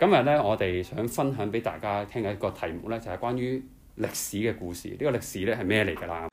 今日呢，我哋想分享俾大家聽嘅一個題目呢，就係關於歷史嘅故事。呢個歷史呢係咩嚟㗎啦？